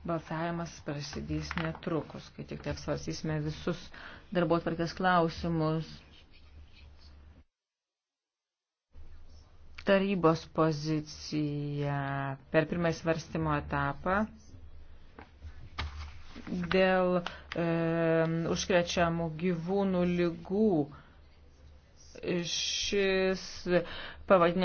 Balsavimas prasidės netrukus, kai tik tai apsvarsysime visus darbo tvarkės klausimus. Tarybos pozicija per pirmąjį svarstymo etapą dėl e, užkrečiamų gyvūnų lygų šis pavadinimas